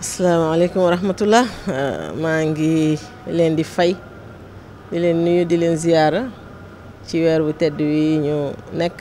asalaamaaleykum wa rahmatullah euh, maa ngi leen di fay di leen nuyu di leen ziyaara ci weer bu tedd wi ñu nekk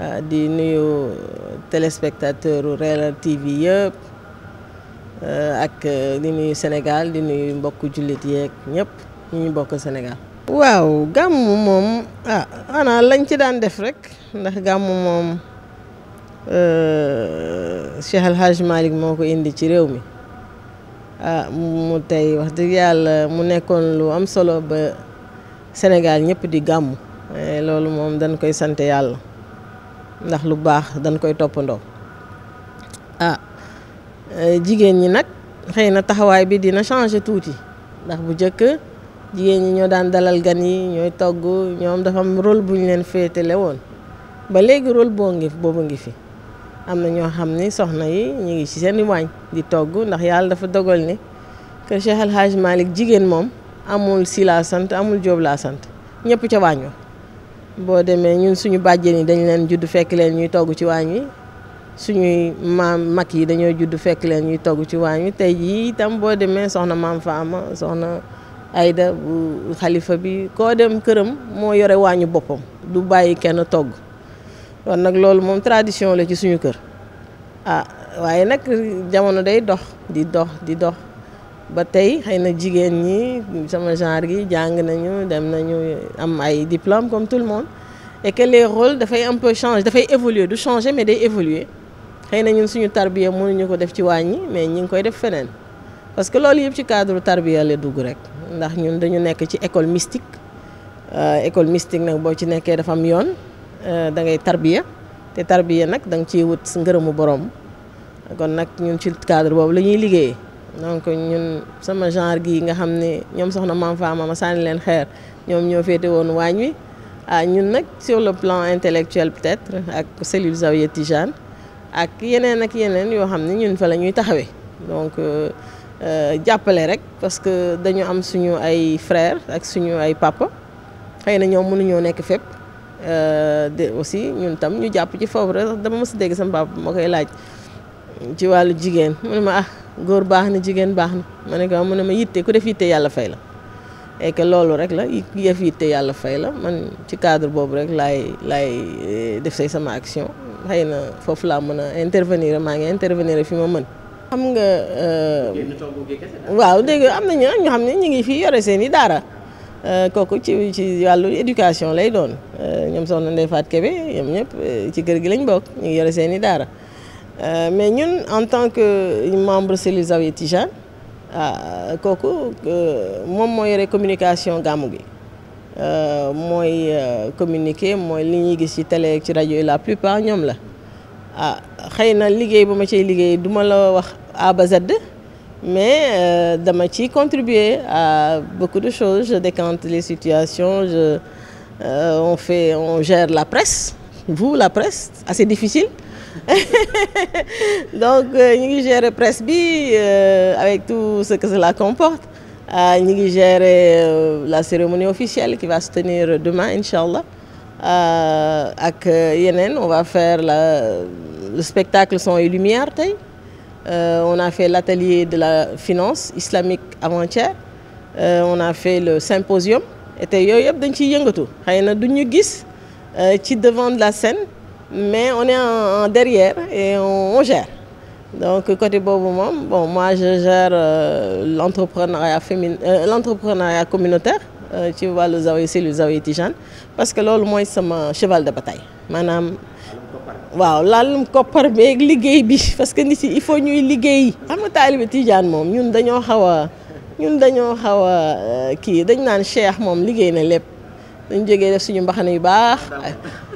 euh, di nuyu téléspectateur u Leral TV yëpp euh, ak di nuyu senegal di nuyu mbokk jullit yeeg ñëpp ñu ñu bokk Sénégal waaw gàmm moom ah ana lañ ci daan def rekk ndax gàmm moom Euh, Cheikh El Hadj moo ko indi ci réew mi ah mu tey wax dëgg yàlla mu nekkoon lu am solo ba Sénégal ñëpp di gàmm eh, loolu moom dañ koy sante yàlla ndax lu baax dañ koy toppandoo ah eh, jigéen ñi nag xëy na taxawaay bi dina changer tuuti ndax bu jëkk jigéen ñi ñoo daan dalal gan yi ñooy togg ñoom dafa am rôle bu ñu leen féetale woon ba léegi rôle boo ngi boobu ngi fi. am na ñoo xam ni soxna yi ñu ngi ci seen i waañ di togg ndax yàlla dafa dogal ni que Cheikh El Hadj jigéen moom amul si laa sant amul jóob laa sant ñëpp ca waañ wa boo demee ñun suñu bàjjen yi dañ leen juddu fekk leen ñuy togg ci waañ wi suñuy maam mag yi dañoo juddu fekk leen ñuy togg ci waañ wi tey jii itam boo demee soxna maam Faama soxna Aida bu xalifa bi koo dem këram moo yore waañu boppam du bàyyi kenn togg kon nag loolu moom tradition la ci suñu kër ah waaye nag jamono day dox di dox di dox ba tey xëy na jigéen ñi sama genre gi jàng nañu dem nañu am ay diplôme comme tout le monde et role les rôles dafay un peu changer dafay évoluer du changer mais day évoluer xëy na ñun suñu tarbiya mënuñu ko def ci wàññi mais ñi ngi koy def feneen parce que loolu yëpp ci cadre tarbiya la dugg rek ndax ñun dañu nekk ci école mystique euh, école mystique nag boo ci nekkee dafa am yoon Euh, da ngay tarbiya te tarbiya nag da nga ciy wut ngërëmu borom kon nag ñun ci cadre boobu la ñuy liggéeyee donc ñun sama genre gi nga xam ne ñoom soxna maam Fama ma sànni leen xeer ñoom ñoo féete woon waañ wi ah ñun nag sur le plan intellectuel peut-être ak cellule Zawiya Tijane ak yeneen ak yeneen yoo xam ne ñun fa la ñuy taxawee donc euh, euh, jàppale rek parce que dañu am suñu ay frères ak suñu ay papa xëy na ñoom mënuñoo nekk fépp. Euh, de aussi ñun tam ñu jàpp ci foofu rek dama mës a dégg sama papa moo koy laaj ci wàllu jigéen mu ne ma ah góor baax na jigéen baax na ma ne ko mu ne ma yitte ku def yitte yàlla fay la et loolu rek la ku def yitte yàlla fay la man ci cadre boobu rek laay laay eh, def say sama action xëy na foofu laa mën a intervenir maa ngi intervenir fi ma mën. xam nga. Euh, waaw dégg am na ñu nag ñu xam ne ñu ngi fii yore seen i daara. Euh, kooku ci ci wàllu éducation lay doon euh, ñoom soxna Ndeye Fatou Kébé ñoom ñëpp euh, ci kër gi lañ bokk ñu ngi yore seen i daara mais ñun en tant que membre cellule Zawiya Tijane ah kooku moom moo yore communication gàmmu gi mooy communiquer mooy li ñuy gis ci télé ci rajo yi la plupart ñoom la ah xëy na liggéey bu ma ciy liggéey duma la wax A ba Z mais euh, dama ci contribuer à beaucoup de choses je décante les situations je euh, on fait on gère la presse vous la presse assez difficile donc euh, ñu ngi gérer presse bi euh, avec tout ce que cela comporte ñu ngi gérer la cérémonie officielle qui va se tenir demain inchallah ak yeneen on va faire la, le spectacle son et lumière tey Euh, on a fait l'atelier de la finance islamique avant-hier euh, on a fait le symposium te yooyu yëpp dañ ciy yëngatu xëy na du ñu gis euh, ci devant de la scène mais on est en derrière et on gère donc côté boobu moom bon moi je gère l'entrepreneuriat fémine l'entrepreneuriat communautaire Euh, ci wàllu zawiya cellule zawiya Tijane parce que loolu mooy sama cheval de bataille maanaam. waaw laalum koppar beeg liggéey bi parce que nit yi il faut ñuy liggéey am nga taalibe tijan moom ñun dañoo xaw a ñun dañoo xaw a euh, kii dañ naan cheikh moom liggéey na lépp dañ jege def suñu mbaxane yu baax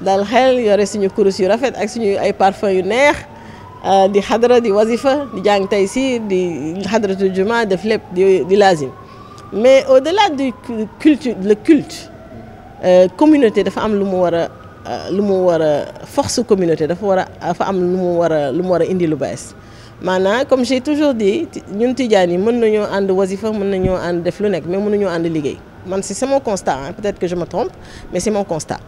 dal xel yore suñu kurus yu rafet ak suñu ay parfum yu neex euh, di xadra di wazifa di jàng tey si di xadratul juma def lépp di di lazim mais au-delà du culte le culte euh, communauté dafa am lu mu war a euh, lu mu war a force communauté dafa war a dafa am lu mu war a lu mu war a indi lu bees maanaam comme j'ai toujours di ñun tijaan yi mën nañoo ànd wasifa mën nañoo ànd def lu nekk mais mënuñoo ànd liggéey man si c'est mon constat hein peut-être que je me trompe mais c'est mon constat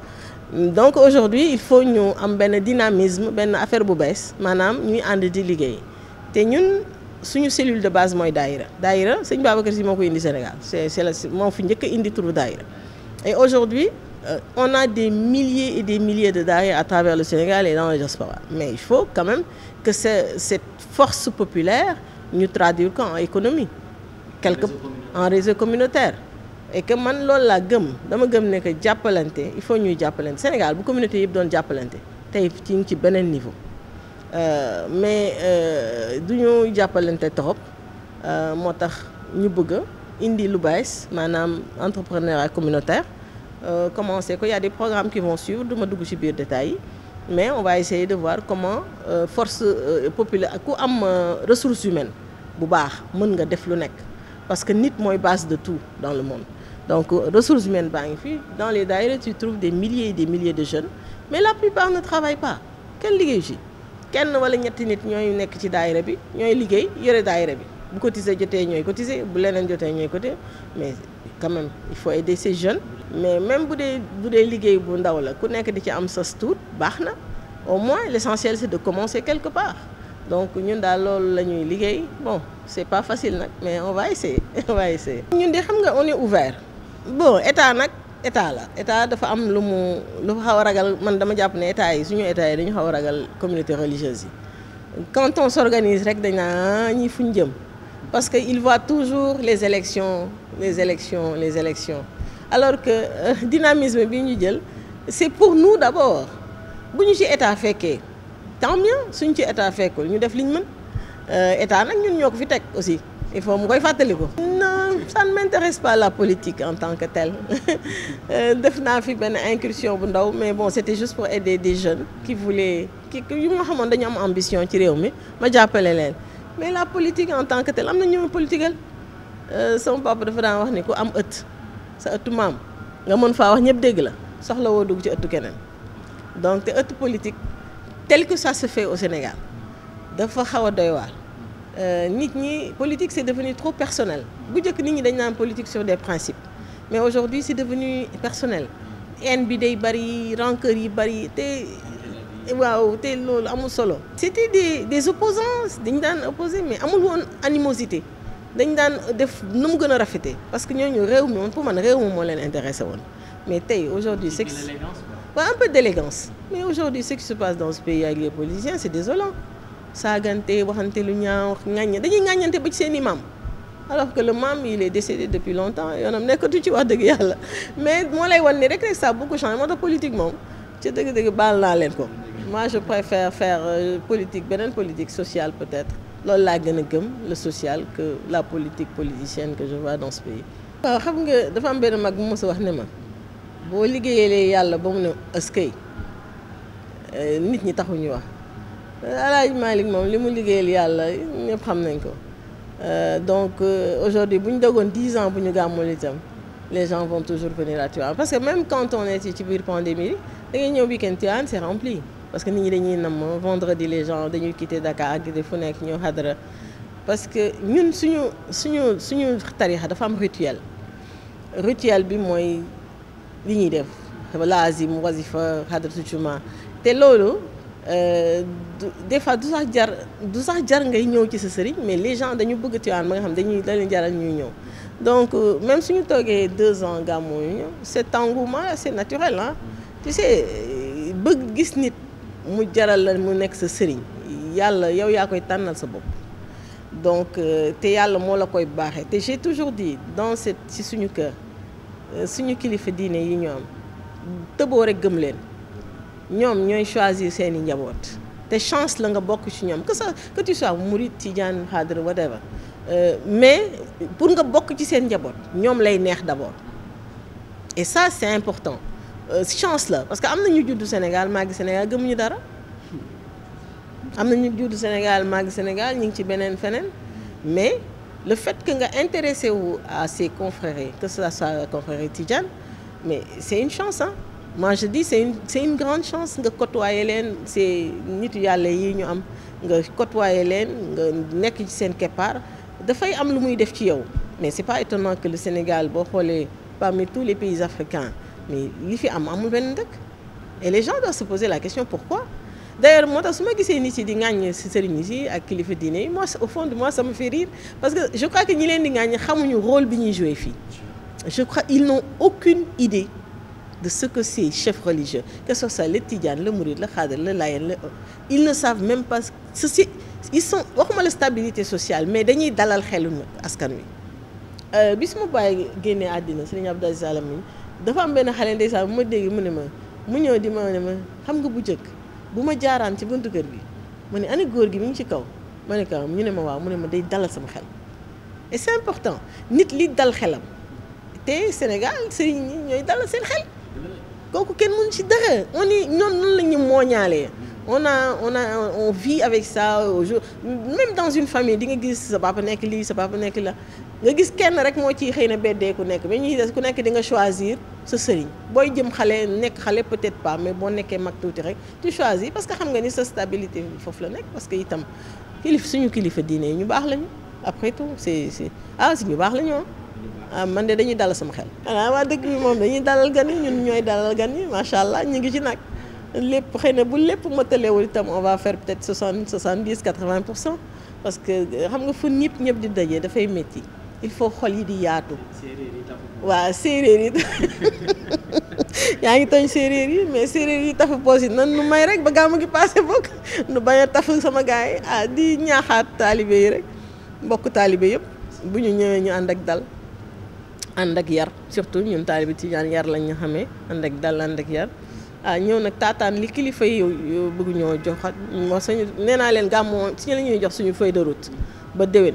donc aujourd'hui il faut ñu am benn dynamisme benn affaire bu bees maanaam ñuy ànd di liggéey te ñun suñu cellule de base mooy daayira daayira sëñ Babacar Sy moo ko indi Sénégal c'est c'est la moo fi njëkk a indi turu daayira et aujourd'hui euh, on a des milliers et des milliers de daayira à travers le Sénégal et dans la mais il faut quand que c'est cette force populaire ñu traduire ko en économie quelque en réseau communautaire et que man loolu laa gëm dama gëm ne que jàppalante il faut ñuy jàppalante Sénégal bu communauté yëpp doon jàppalante tey ci ngi ci beneen niveau Euh, mais euh, du ñu jàppalante trop euh, moo tax ñu bëgg indi lu bees maanaam entrepreneuriat communautaire commencé ko y a des programmes qui vont suivre duma dugg ci biir détails yi mais on va essayer de voir comment force populaire ku am ressources humaines bu baax mën nga def lu nekk parce que nit mooy base de tout dans le monde donc ressources humaines baa ngi fii dans les daïras tu trouves des milliers et des milliers de jeunes mais la plupart ne travaillent pas kenn liggéey kenn wala ñetti nit ñooy nekk ci daayira bi ñooy liggéey yore daayira bi bu cotiser jotee ñooy cotiser bu leneen jotee ñooy cotiser mais quand même il faut aider ces jeunes. mais même bu dee bu dee liggéey bu ndaw la ku nekk di ci am sas tuut baax na au moins l'essentiel c'est de commencer quelque part donc ñun daal loolu la ñuy liggéey bon c'est pas facile nag mais on va essayer on ñun de xam nga on est ouvert bon état nag. état la état dafa am lu mu lu xaw a ragal man dama jàpp ne état yi suñu état yi dañu xaw a ragal communauté religieuse yi quand on s'organise rek dañ naa ah, ñi fuñ jëm parce que il voit toujours les élections les élections les élections alors que euh, dynamisme bi ñu jël c'est pour nous d'abord bu ñu ci état fekkee tant suñ ci état fekkul ñu def liñ mën euh, état nag ñun ñoo ko fi teg aussi il faut mu koy fàttali ça ne m'intéresse pas la politique en tant que telle euh, def naa fi benn incursion bu ndaw mais bon c'était juste pour aider des jeunes qui voulaient qui yu nga xamoon dañu am ambition ci réew mi ma jàppale leen mais la politique en tant que telle am na ñu ma politiqual euh, sama papa dafa daan wax ni ku am ëtt sa ëttu maam nga mën faa wax ñëpp dégg la soxla woo dugg ci ëttu keneen donc te ëttu politique tel que ça se fait au Sénégal dafa xaw a doy Euh, nit ñi politique c'est devenu trop personnel bu njëkk nit ñi dañ naan politique sur des principes mais aujourd'hui c'est devenu personnel haine bi day bari rancœur yi bari te waaw te loolu amul solo c'était des des opposants dañ daan opposé mais amul woon animosité dañ daan def nu mu gën a rafetee parce que ñooñu réew mi woon pour man réew mi moo leen intéressé woon mais tey aujourd'hui c'est waaw un peu d'élégance mais aujourd'hui ce qui se passe dans ce saagante waxante lu ñaaw ŋàññe dañuy ŋàññante ba ci seen i maam alors que le maam il est décédé depuis longtemps yoonam nekkatu ci wax dëgg yàlla mais moo lay wan ni rek rek ça beaucoup changé moo tax politique moom ci dëgg-dëgg baal naa leen ko moi je préfère faire euh, politique beneen politique sociale peut-être loolu laa gën a gëm le social que la politique politicienne que je vois dans ce pays waaw xam nga dafa am benn mag mu mos wax ne ma boo liggéeyee yàlla ba mu ne askay euh, nit ñi taxuñu wax Alaaji Malick moom li mu liggéey liggéeyal yàlla ñëpp xam nañ ko euh, donc euh, aujourd'hui bu ñu dogoon dix ans bu ñu gàmmul itam les gens toujours venir parce que même quand on est ci biir pandémie da ngay ñëw week-end Tivaouane c'est rempli parce que nit ñi dañuy nam vendredi les gens dañuy quitter Dakar ak fu nekk ñëw Hadara parce que ñun suñu suñu suñu tarixa dafa am rituel rituel bi mooy li ñuy def lazim wazifa hadratu juma te loolu Euh, des fois du sax jar du sax jar ngay ñëw ci sa sëriñ mais les gens dañu bëgg Tivaouane ba nga xam dañuy dañuy jaral ñuy ñëw donc euh, même suñu toogee deux ans gàmmoo yu ñëw cet engouement c'est naturel ah tu sais bëgg gis nit mu jaral la mu nekk sa sëriñ yàlla yow yaa koy tànnal sa bopp donc euh, te yàlla moo la koy baaxee te j'ai toujours di dans cette ci suñu kër suñu kilifa diine yi ñu am tëboo rek gëm leen ñoom ñooy choisir seeni njaboot te chance la nga bokk ci ñoom que ça que tu sois murid tijaan xaadar whatever euh, mais pour nga bokk ci seen njaboot ñoom lay neex d'abord et ça c'est important euh, chance la parce que am na ñu juddu Sénégal maa ngi Sénégal gëmuñu dara am na ñu juddu Sénégal maa ngi Sénégal ñu ngi ci beneen feneen mais le fait que nga intéressé wu à ses confrères que ça soit confrères tijaan mais c'est une chance ah moi je dis c'est une c'est une grande chance nga côtoyer leen c'est nitu yàlla yi ñu am nga côtoyer leen nga nekk ci seen keppaar dafay am lu muy def ci yow mais c'est pas étonnant que le Sénégal boo xoolee parmi tous les pays africains mais li fi am amul benn dëkk et les gens doivent se poser la question pourquoi d'ailleurs moo tax su ma gisee nit yi di ŋàññ si sëriñ yi ak kilifa diine yi moi au fond de moi ça me parce que je crois que ñi leen di ŋàññ xamuñu rôle bi ñuy jouer fii je crois ils n'ont aucune de ce que c'est chef religieux, que ce la les Tidjanes, le Mourid, le Khadr, le Layen, le... ils ne savent même pas. Ceci, ils sont, waxuma la stabilité sociale, mais dañuy dalal xelu askan wi. Euh, bis ma bàyyi génnee àddina Sëriñ Abdou Aziz Alamin dafa am benn xale ndeysaan bu ma dégg mu ne ma mu ñëw di ma ma xam nga bu njëkk bu ma jaaraan ci buntu kër gi mu ne ani góor gi mu ngi ci kaw ma ne ko ñu ne ma waaw mu ne ma day dalal sama xel et c'est important nit li dal xelam te Sénégal sëriñ ñi ñooy dalal seen xel. kooku kenn mënu ci dara on est noonu noonu la ñu mooñaalee on a on a on vit avec sa aujourd'hui même dans une famille di nga gis sa papa nekk lii sa papa nekk la nga gis kenn rek moo ciy xëy na beddee ku nekk mais ñuy des ku nekk di nga choisir sa sëriñ booy jëm xale nekk xale peut-être pas mais boo nekkee mag tuuti rek tu choisis parce que xam nga ni sa stabilité foofu la nekk parce que itam kilif suñu kilifa diine ñu baax lañu après tout si c'est ah si ñu baax lañu ah. ah man de dañuy dalal sama xel. Ah, waa dëkk bi moom dañuy dalal gan yi ñun ñooy dalal gan yi macha allah ñu ngi ci nag lépp xëy na bu lépp matalewul itam on va faire peut-être soixante soixante dix quatre vingt pour cent parce que xam nga fu ñëpp ñëpp di dajee dafay métti il faut xol yi di yaatu. waaw séeréer yi yaa ngi tooñ séeréer yi mais séeréer yi tafu poos yi nan nu may rek ba gàmmu gi passé bokk nu bañ a tafu sama gars ah, di ñaaxaat taalibe yi rek mbokk taalibe yëpp bu ñu ñëwee ñu ànd dal ànd ak yar surtout ñun taalibi tijaan yar lañ ñu xamee ànd ak dal ànd ak yar ah ñëw nag taataan li kilifa yi bëgg ñoo joxat moo sañu nee naa leen gàmmu ci la ñuy jox suñu feuille ba déwén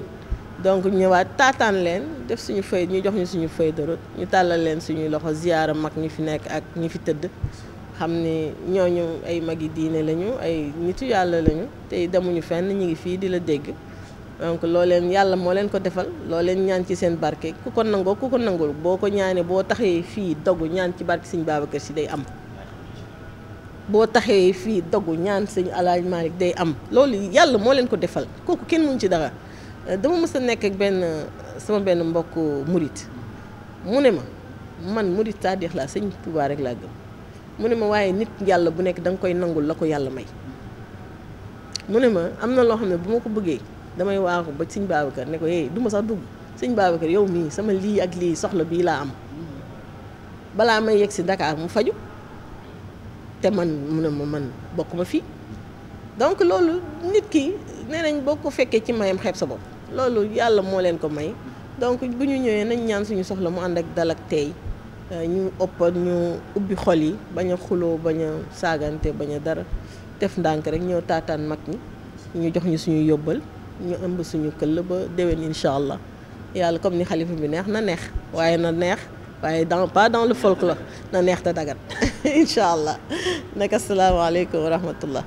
donc ñëwaat taataan leen def suñu feuille ñu jox ñu suñu feuille de ñu tàllal leen suñuy loxo ziyaara mag ñi fi nekk ak ñi fi tëdd xam ni ñooñu ay mag yi diine lañu ay nitu yàlla lañu te demuñu fenn ñu ngi fii di la dégg donc loo leen yàlla moo leen ko defal loo leen ñaan ci seen barke ku ko nangoo ku ko nangul boo ko ñaanee boo taxee fii dogu ñaan ci barke sëñ Babacar Si day am boo taxee fii dogu ñaan sëñ Alaaji Maalik day am loolu yàlla moo leen ko defal kooku kenn mun ci dara dama mës a nekk ak benn sama benn mbokk murit mu ne ma man murit saadix laa sëñ Tuubaa rek laa gëm mu ne ma waaye nit yàlla bu nekk da nga koy nangul la ko yàlla may mu ne ma am na loo xam ne bu ma ko bëggee damay waaxu ba sëñ Babacar ne ko hey du ma sax dugg sëñ Babacar yow mii sama lii ak lii soxla bii laa am balaa may yegg si Dakar mu faju te man mu ne ma man bokk ma fii donc loolu nit ki nee nañ boo ko fekkee ci mayam xeeb sa bopp loolu yàlla moo leen ko may donc bu ñu ñëwee nañ ñaan suñu soxla mu ànd ak dal ak tey euh, ñu ëpp ñu ubbi xol yi bañ a xuloo bañ a saagante bañ a dara def ndànk rek ñëw taataan mag ñi ñu jox ñu suñuy yóbbal ñu ëmb suñu këll ba déwén incha allah yàlla comme ni xalifa bi neex na neex waaye na neex waaye dans pas dans le la na neex te dagat incha allah nag asalaamaaleykum wa rahmatullah